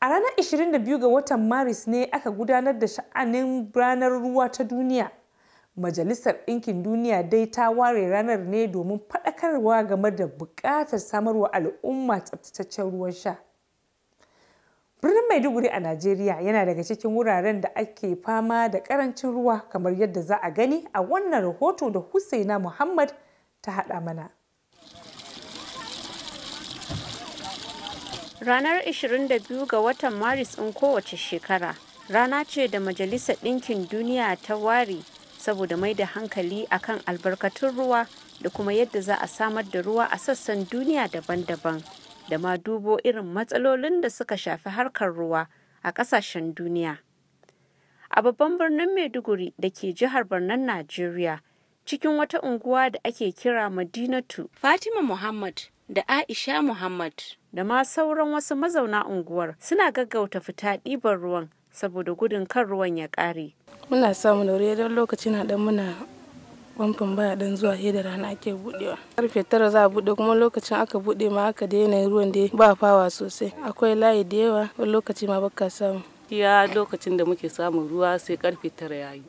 A ranar 22 ga watan Maris ne aka gudanar da sha'anin ranar ruwa ta duniya. Majalisar Ɗinkin Duniya dai ta ware ranar ne domin faɗakarwa game da buƙatar samarwa al'umma tsabtataccen ruwan sha. Birnin Maiduguri a Najeriya yana daga cikin wuraren da ake fama da ƙarancin ruwa kamar yadda za a gani a wannan rahoto da Husaina Muhammad ta haɗa mana. Ranar 22 ga watan Maris ɗin kowace shekara rana ce da Majalisar Ɗinkin Duniya ta ware saboda mai da hankali akan albarkatun ruwa da kuma yadda za a samar da ruwa a sassan duniya daban-daban da ma dubo irin matsalolin da suka shafi harkar ruwa a ƙasashen duniya. A babban birnin Maiduguri da ke jihar birnin Najeriya cikin wata unguwa da ake kira Madinatu. Fatima Muhammad da Aisha Muhammad da ma sauran wasu mazauna unguwar suna gaggauta fita ɗiban ruwan saboda gudun kan ruwan ya ƙare. Muna samu da don lokacin haɗa muna famfon baya dan zuwa da rana ake buɗewa. karfe tara za a bude kuma lokacin aka buɗe ma aka daina ruwan da ba fawa sosai akwai layi da yawa wani lokaci ma baka samu iya lokacin da muke samun ruwa sai karfe tara yayi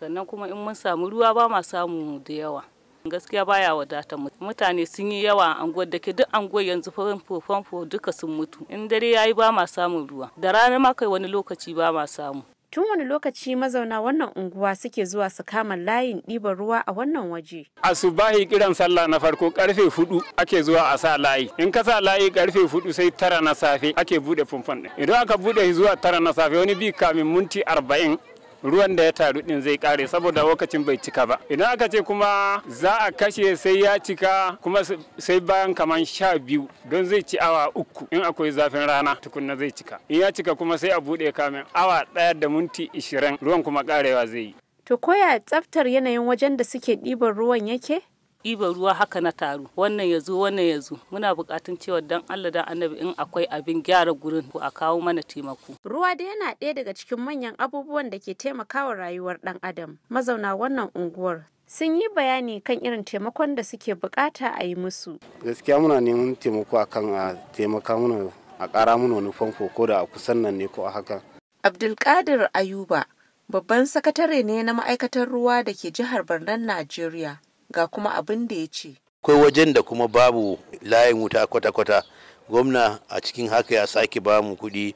sannan kuma in mun samu ruwa ba ma samu da yawa gaskiya baya wadata mutane sun yi yawa anguwar da ke duk anguwar yanzu famfo famfo duka sun mutu in dare yayi ba ma samun ruwa da rana ma kai wani lokaci ba ma samu tun wani lokaci mazauna wannan unguwa suke zuwa su kama layin ɗiban ruwa a wannan waje. Asubahi kiran sallah na farko karfe hudu ake zuwa a sa layi. In ka sa layi karfe hudu sai tara na safe ake bude fumfon din Idan aka bude zuwa tara na safe wani bi kamin minti arba'in ruwan da ya taru din zai kare saboda lokacin bai cika ba idan aka ce kuma za a kashe sai ya cika kuma sai bayan kaman sha biyu don zai ci awa uku in akwai zafin rana tukunna zai cika in ya cika kuma sai a bude kamin awa daya da minti ishirin ruwan kuma karewa zai yi to koya tsaftar yanayin wajen da suke ɗiban ruwan yake ɗiba ruwa haka na taru wannan ya zo wannan ya zo muna buƙatun cewa dan Allah dan annabi in akwai abin gyara gurin ko a kawo mana taimako. Ruwa da yana ɗaya daga cikin manyan abubuwan da ke taimakawa rayuwar ɗan adam mazauna wannan unguwar sun yi bayani kan irin taimakon da suke bukata a yi musu. Gaskiya muna neman taimako akan a taimaka mana a ƙara mana wani famfo ko da a kusan nan ne ko a haka. Abdulkadir Ayuba babban sakatare ne na ma'aikatar ruwa da ke jihar Barnan Najeriya. ga kuma abin da ya ce akwai wajen da kuma babu layin wuta kwata-kwata gwamna a cikin haka ya sake ba mu kuɗi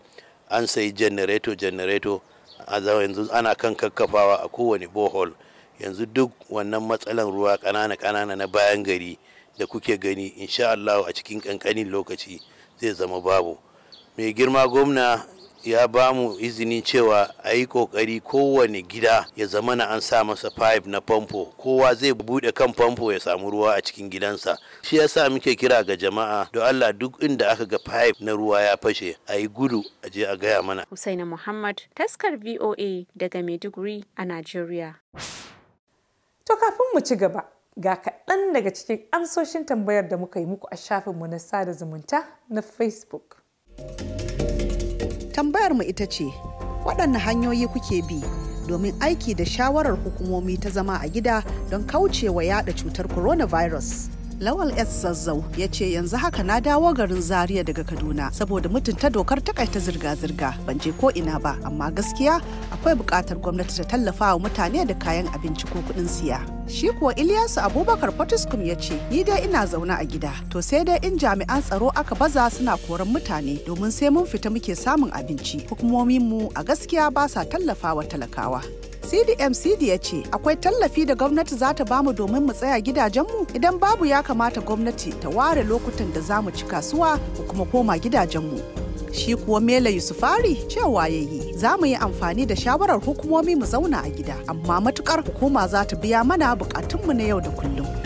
an sayi janareto janareto a zama yanzu ana kan kakkafawa a kowane bohol yanzu duk wannan matsalan ruwa ƙanana-ƙanana na bayan gari da kuke gani insha a cikin ƙanƙanin lokaci zai zama babu mai girma gwamna ya ba mu izini cewa a yi kokari kowane gida ya zama na an sa masa pipe na famfo kowa zai bude kan famfo ya samu ruwa a cikin gidansa shi ya sa muke kira ga jama'a don Allah duk inda aka ga pipe na ruwa ya fashe a yi gudu a je a gaya mana Husaina Muhammad taskar VOA daga Maiduguri a Najeriya To kafin mu ci gaba ga kaɗan daga cikin amsoshin tambayar da muka yi muku a shafinmu na sada zumunta na Facebook Tambayarmu ita ce, waɗanne hanyoyi kuke bi domin aiki da shawarar hukumomi ta zama a gida don kaucewa yada cutar coronavirus? Lawal S Zazzau ya ce yanzu haka na dawo garin Zaria daga Kaduna saboda mutunta dokar takaita zirga-zirga ban je ko ina ba amma gaskiya akwai bukatar gwamnati ta tallafa wa mutane da kayan abinci ko kudin siya. Shi kuwa Ilyasu Abubakar Fatiskum ya ce ni dai ina zaune a gida to sai dai in jami'an tsaro aka baza suna koran mutane domin sai mun fita muke samun abinci hukumomin mu a gaskiya ba sa tallafa wa talakawa. cdmc ya ce akwai tallafi da gwamnati za ta bamu domin mu tsaya gidajenmu idan babu ya kamata gwamnati ta ware lokutan da za mu ci kasuwa ko kuma koma gidajenmu shi kuwa mela yusufari cewa ya yi za mu yi amfani da shawarar hukumomi mu zauna a gida amma matukar hukuma za ta biya mana bukatunmu na yau da kullum